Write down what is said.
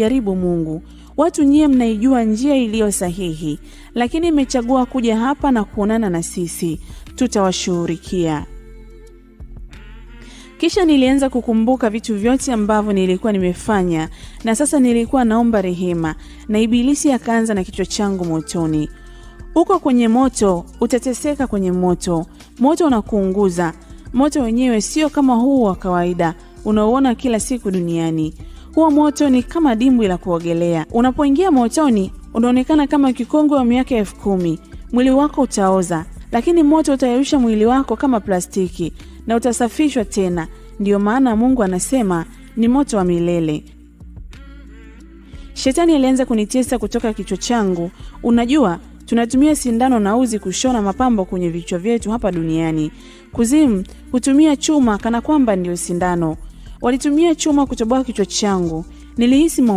Jaribu Mungu, watu nyie mnaijua njia iliyo sahihi, lakini mmechagua kuja hapa na kuonana na sisi, tutawashughulikia. Kisha nilianza kukumbuka vitu vyote ambavyo nilikuwa nimefanya, na sasa nilikuwa naomba rehema, na Ibilisi akaanza na kichwa changu motoni. Uko kwenye moto, utateseka kwenye moto, moto unakuunguza. Moto wenyewe sio kama huu wa kawaida unaoona kila siku duniani huo moto ni kama dimbwi la kuogelea. Unapoingia motoni, unaonekana kama kikongwe wa miaka elfu kumi. Mwili wako utaoza, lakini moto utayarusha mwili wako kama plastiki na utasafishwa tena. Ndiyo maana Mungu anasema ni moto wa milele. Shetani alianza kunitesa kutoka kichwa changu. Unajua, tunatumia sindano na uzi kushona mapambo kwenye vichwa vyetu hapa duniani. Kuzimu hutumia chuma kana kwamba ndiyo sindano. Walitumia chuma kutoboa kichwa changu, nilihisi maumivu.